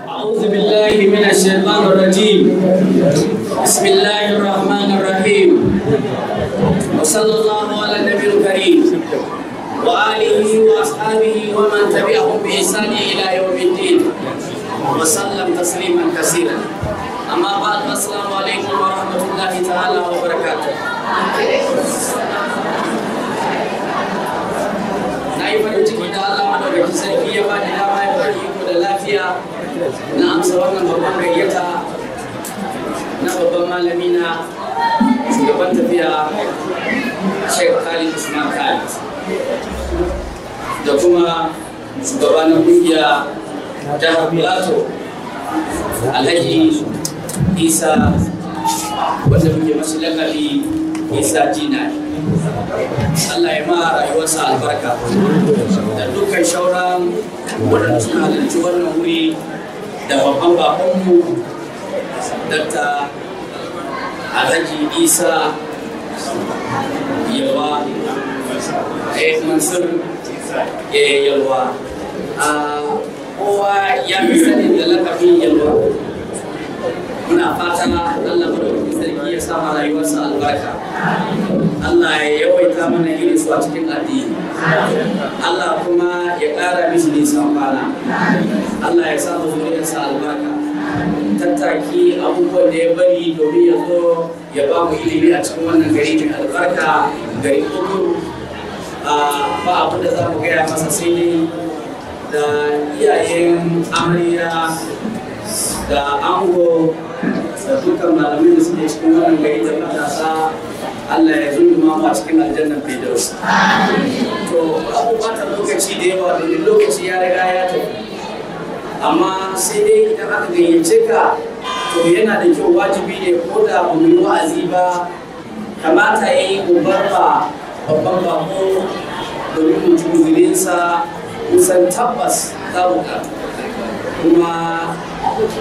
أعوذ بالله من الشيطان الرجيم بسم الله الرحمن الرحيم وصلى الله على النبي الكريم وآله وأصحابه ومن تبعهم بإحسان إلى يوم الدين وسلم تسليما كثيرا أما بعد السلام عليكم ورحمة الله تعالى وبركاته na amsa wannan babban gayyata na babban malami na shugaban tafiya Sheikh Khalid Usman Khalid da kuma shugaba kungiya ta Plato Alhaji Isa wanda muke masu lakabi Isa jina Allah ya ma rayuwarsa albarka da dukkan shauran waɗanda suka halarci wannan wuri da babban babanmu dakta alhaji isa yalwa yi mansur yi eh, yalwa ah, kowa ya fi sani da lakafin yalwa muna fata Allah madaukakin sarki ya sa rayuwarsa albarka Allah ya yawaita mana irin su a cikin addini Allah kuma ya ƙara mishi nisan kwana Allah ya sa zuriyarsa albarka tattaki abubuwan da ya bari domin ya zo ya ba mu ilimi a cikin wannan gari mai albarka gari kudu ah, ba abin da za mu gaya masa sai da iyayen amarya da ango da dukkan malamai da suke cikin wannan gari da matasa Allah ya zuri ma a cikin aljannan Firdaus. To abubuwa ta lokaci da yawa domin lokaci ya riga ya tafi. Amma sai dai idan aka gayyace ka to yana da kyau wajibi ne ko da ba wa'azi ba kamata ya yi gobar ba babban bako domin mu ji kusan tabbas za mu kuma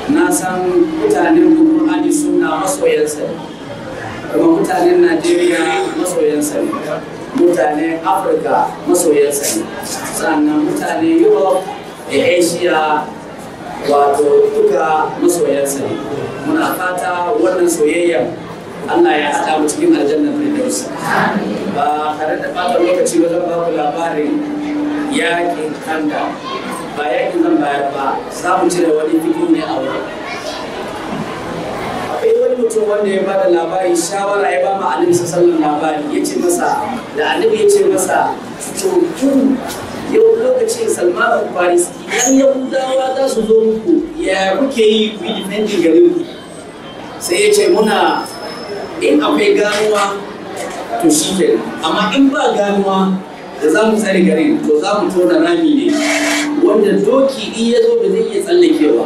na san mutanen Kur'ani suna masoyan sani, kuma mutanen Najeriya masoyan ne mutanen Afirka masoyan ne sannan mutanen Europe da Asia wato duka masoyansa ne muna fata wannan soyayyar Allah ya haɗa mu cikin aljannar dausa. ba tare da fatan lokaci ba zan ba ku labarin yaƙin kanda ba yaƙi zan bayar ba za mu cire wani fito ne a wurin akwai wani mutum wanda ya bada labari shawara ya ba ma annabi sallallahu labari ya ce masa da annabi ya ce masa to yau lokacin salmanin faris yan yahudawa za su zo muku ya kuke yi ku yi defending garin ku sai ya ce muna in akwai ganuwa to shi amma in ba ganuwa da za mu tsare garin to za mu tona rami ne wanda doki in ya zo ba zai iya tsallakewa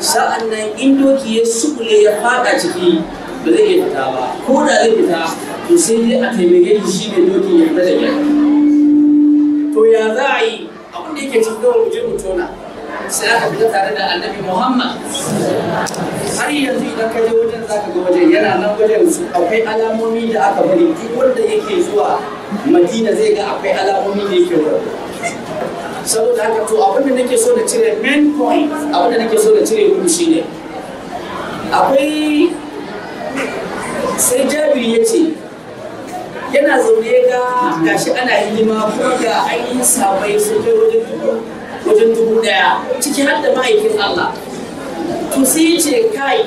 sa'an nan in doki ya sukule ya fada ciki ba zai iya fita ba ko da zai fita to sai dai a taimake shi shi ne doki ya fita da to ya za a yi abin da yake cikin gawar je mu tona sai aka fita tare da annabi muhammad har yanzu idan ka je wajen zaka ga wajen yana nan wajen akwai alamomi da aka bari duk wanda yake zuwa madina zai ga akwai alamomi da yake wurin saboda haka to abin da nake so da cire main point abin da nake so da cire gudu shine akwai sai jabiri ya ce yana zaune ya ga gashi ana hidima ko ga an yi sabai su kai wajen dubu wajen dubu daya ciki har da mahaifin Allah to sai ya ce kai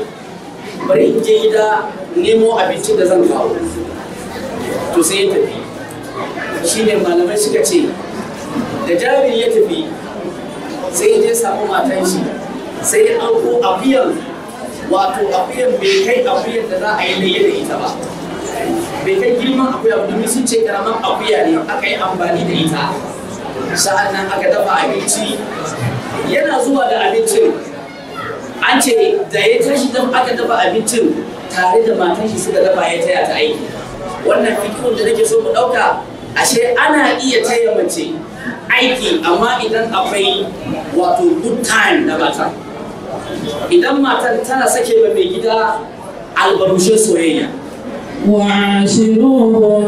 bari in je gida nemo abincin da zan kawo to sai ya tafi shine malamai suka ce da jabir ya tafi sai ya je samu matan shi sai ya ɗauko akuyan wato akuyan bai kai akuyan da za a yi laye da ita ba bai kai girman akuya domin sun ce karaman akuya ne aka yi amfani da ita sa'an nan aka dafa abinci yana zuwa da abincin an ce da ya tashi don aka dafa abincin tare da matan shi suka dafa ya taya ta aiki wannan fikihun da nake so mu ɗauka ashe ana iya taya mace aiki amma idan akwai wato good time da mata idan matar tana sake ba mai gida albarushe soyayya وعاشروهن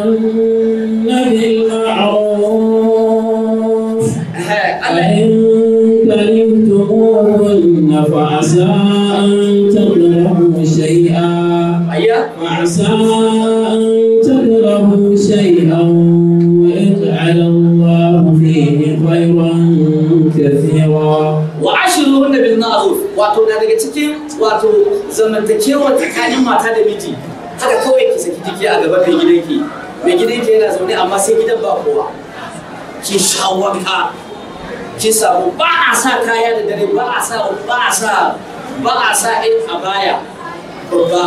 فعسى أن تكرهوا شيئا فعسى wato na daga cikin wato zamantakewa tsakanin mata da miji haka kawai ki saki jiki a gaban mai gidanki mai gidanki yana zaune amma sai gidan ba kowa ki shawarta ki samu ba a sa kaya da dare ba a sa ba a sa ba a sa ɗin a baya babba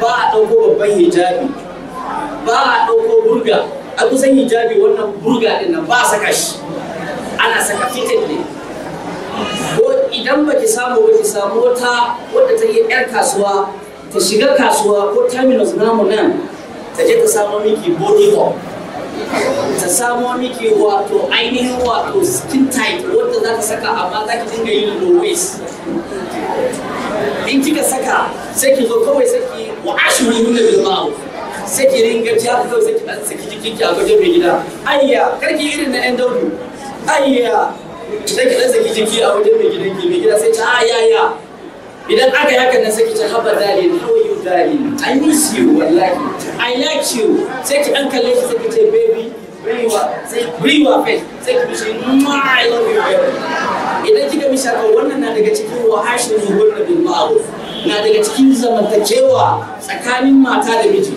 ba a ɗauko babban hijabi ba a ɗauko burga a kusan hijabi wannan burga ɗin nan ba a saka shi ana saka fitin ne idan ba ki samu ba ki samu wata wadda ta yi yar kasuwa ta shiga kasuwa ko terminus namu nan ta je ta samu miki body hop ta samu miki wato ainihin wato skin tight wadda za ta saka amma za ki dinga yin low waist in kika saka sai ki zo kawai sai ki wa ashirin yuna bil ma'ruf sai ki ringa ji haka kawai sai ki ɗan saki jikinki a gajen mai gida ayya karki irin na yan daudu ayya sai ki dan saki jiki a wajen mai gidan ki mai gida sai ta a ah, ya ya idan aka yi hakan nan saki ta, ce haba darling how you darling i miss you wallahi i like you sai ki dan kalle shi saki ki ce baby Riwa face sai ki mishi I love you baby idan kika mishi haka wannan na daga cikin wa hashirin da bil ma'ruf na daga cikin zamantakewa tsakanin mata da miji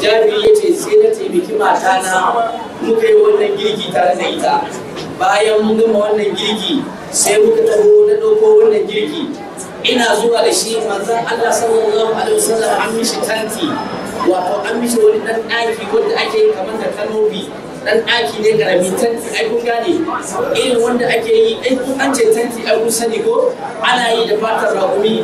jabiri ya ce sai na taimaki na muka yi wannan girki tare da ita bayan mun gama wannan girki sai muka taho na ɗauko wannan girki ina zuwa da shi manzon Allah sallallahu alaihi wasallam an mishi tanti wato an mishi wani dan ɗaki wanda ake kamar da kanobi dan ɗaki ne karami tanti ai kun gane irin wanda ake yi ai kun an ce tanti ai kun sani ko ana yi da fatar raƙumi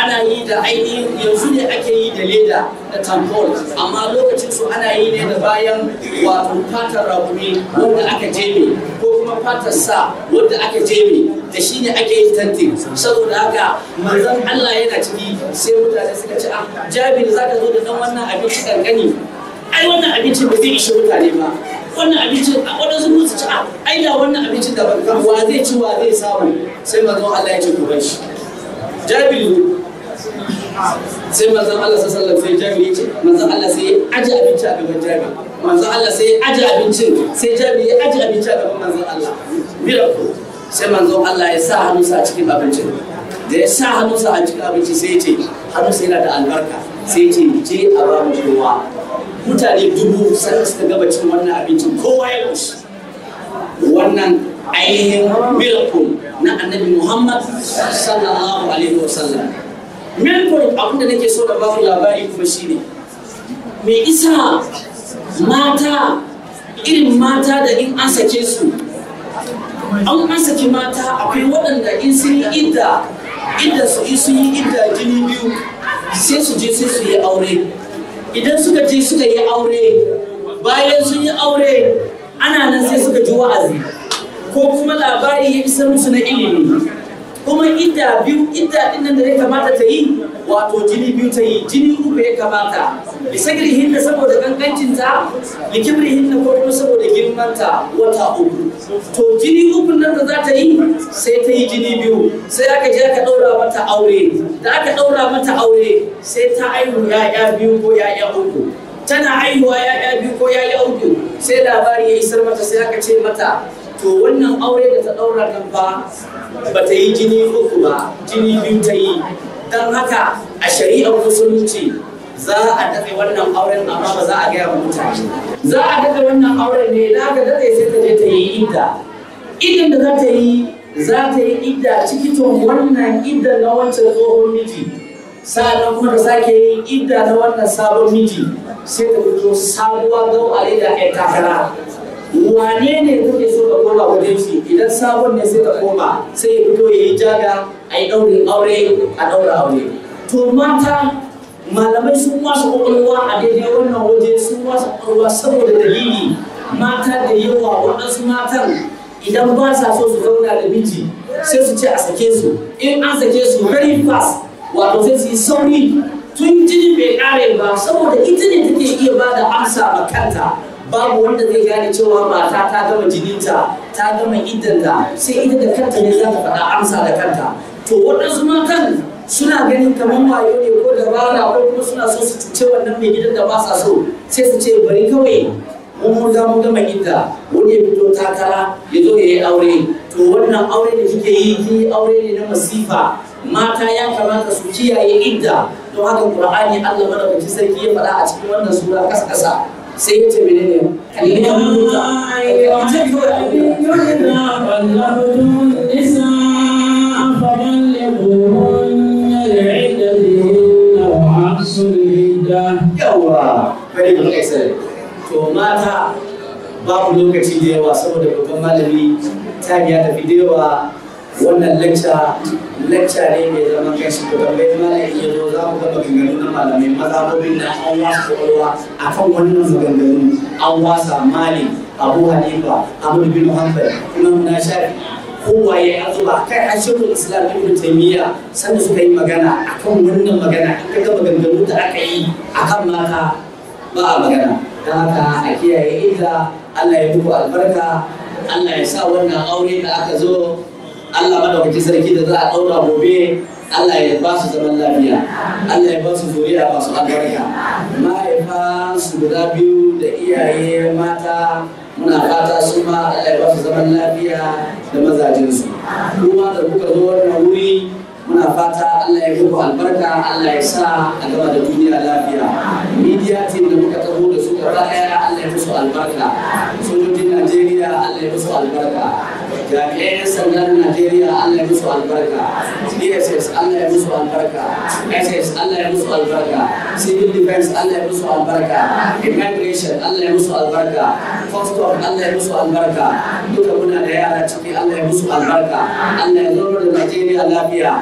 ana yi da ainihin yanzu ne ake yi da leda da tampon amma lokacin su ana yi ne da bayan wato fatar raƙumi wanda aka jebe ko kuma fatar sa wanda aka jebe da shi ne ake yi tanti saboda haka manzon Allah yana ciki sai mutane suka ce ah jabir zaka zo da dan wannan abinci gani ai wannan abincin ba zai ishe mutane ba wannan abincin a wannan sun su ci a ai da wannan abincin da ban wa zai ci wa zai samu sai manzon Allah ya ce ku bashi shi jabiru sai manzon Allah sallallahu alaihi wasallam sai jami'i ce manzon Allah sai aji abincin abinci a gaban jami'i manzon Allah sai aji abincin sai jami'i aji abincin abinci a gaban manzon Allah ko sai manzon Allah ya sa hannunsa a cikin abincin da ya sa sa a cikin abinci sai ya ce sai yana da albarka sai ya ce je a ba mu ruwa mutane dubu sun suka gaba cin wannan abincin kowa ya kushi wannan ainihin milkun na annabi muhammad sallallahu alaihi wasallam milkun abin da nake so da baku labari kuma shine me isa mata irin mata da in an sake su an an saki mata akwai waɗanda in sun yi idda idda su yi idda jini biyu sai su je sai su yi aure idan suka je suka yi aure bayan sun yi aure ana nan sai suka ji wa'azi ko kuma labari ya isa musu na ilimi kuma idda biyu idda din nan da ya kamata ta yi wato jini biyu ta yi jini uku ya kamata lisagir hinna saboda kankancin ta likibri hinna ko kuma saboda girman ta wata uku to jini uku nan da za ta yi sai ta yi jini biyu sai aka je aka ɗaura mata aure da aka ɗaura mata aure sai ta aihu ya'ya biyu ko ya'ya uku tana aihuwa ya'ya biyu ko ya'ya uku sai labari ya isar mata sai aka ce mata to wannan aure da ta ɗaura nan ba ba ta yi jini uku ba jini biyu ta yi don haka a shari'ar musulunci za a daɗe wannan auren amma ba za a gaya wa mutane za a daɗe wannan auren ne da aka daɗe sai ta je ta yi idda idan da za ta yi za ta yi idda cikin wannan idda na wancan tsohon miji sa'annan kuma da sake yin idda na wannan sabon miji sai ta fito sabuwa gau a da ya takara wane ne kake so ka koma wajen shi idan sabon ne sai ka koma sai ya fito ya yi jaga a yi ɗaure aure a ɗaura aure to mata malamai sun wasa ƙwaƙwalwa a daidai wannan waje sun wasa ƙwaƙwalwa saboda dalili mata da yawa waɗansu matan idan ba sa so su zauna da miji sai su ce a sake su in an sake su very fast wato sai su yi sauri tun jini bai ƙare ba saboda ita ne take iya ba da amsa a kanta babu wanda zai gane cewa mata ta gama jininta ta gama iddanta sai ita da kanta ne za ta faɗa amsa da kanta to waɗansu matan suna ganin kamar wayo ne ko dabara ko kuma suna so su cuce wannan mai gidan da ba sa so sai su ce bari kawai kuma za mu gama inda wani ya fito takara ya zo ya yi aure to wannan aure da kike yi ki aure ne na masifa mata ya kamata su kiyaye idda to haka qur'ani Allah madaukakin sarki ya faɗa a cikin wannan sura kasa kasa sai ya ce menene ya mutu mata babu lokaci da yawa saboda babban malami ta ya tafi da yawa wannan lacca lacca ne mai zaman kanshi ko tambayi malami ya zo za mu ga maganganu na malamai mazhabobin da an wasa kwakwalwa a kan wannan maganganu an wasa mali abu hanifa ahmad bin muhammad kuma na shafi kowaye a zuba kai a shirin islam ibn taimiyya sanda suka yi magana akan wannan magana in ka da aka yi akan mata ba a magana haka a kiyaye ita Allah ya muku albarka Allah ya sa wannan aure da aka zo Allah madawaki sarki da za a daura gobe Allah ya ba su zaman lafiya Allah ya ba su zuriya ba su albarka mahaifa su guda biyu da iyaye mata muna fata su ma Allah ya ba su zaman lafiya da mazajensu kuma da kuka zo wannan wuri muna fata Allah ya muku albarka Allah ya sa a gaba da duniya lafiya media team da muka gaba ɗaya Allah ya musu albarka sojojin Najeriya Allah ya musu albarka jami'an sandan Najeriya Allah ya musu albarka DSS Allah ya musu albarka SS Allah ya musu albarka civil defense Allah ya musu albarka immigration Allah ya musu albarka pastor Allah ya musu albarka duka muna da yara ciki Allah ya musu albarka Allah ya zama da Najeriya lafiya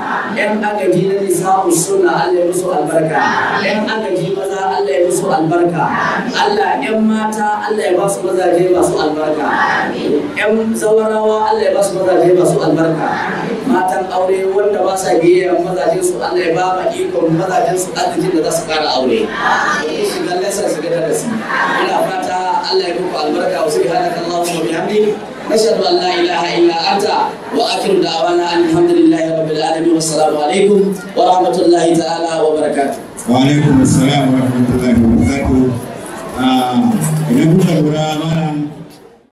aka ji na nisa suna Allah ya musu albarka aka ji maza Allah ya musu albarka Allah ɗan mata Allah ya basu mazaje masu albarka ɗan zawarawa Allah ya basu mazaje masu albarka matan aure wanda ba sa biyayya mazaje su Allah ya ba ma ikon mazajen su arzikin da za su kara aure. Shiga lesa shiga su. Ina fara Allah ya muku albarka wa subhanaka Allahumma wa bihamdika nashhadu an la ilaha illa anta wa akhiru da'wana alhamdulillahi rabbil alamin wassalamu alaikum wa rahmatullahi ta'ala wa barakatuh wa alaikum assalam wa rahmatullahi wa barakatuh ah, kuka lura mana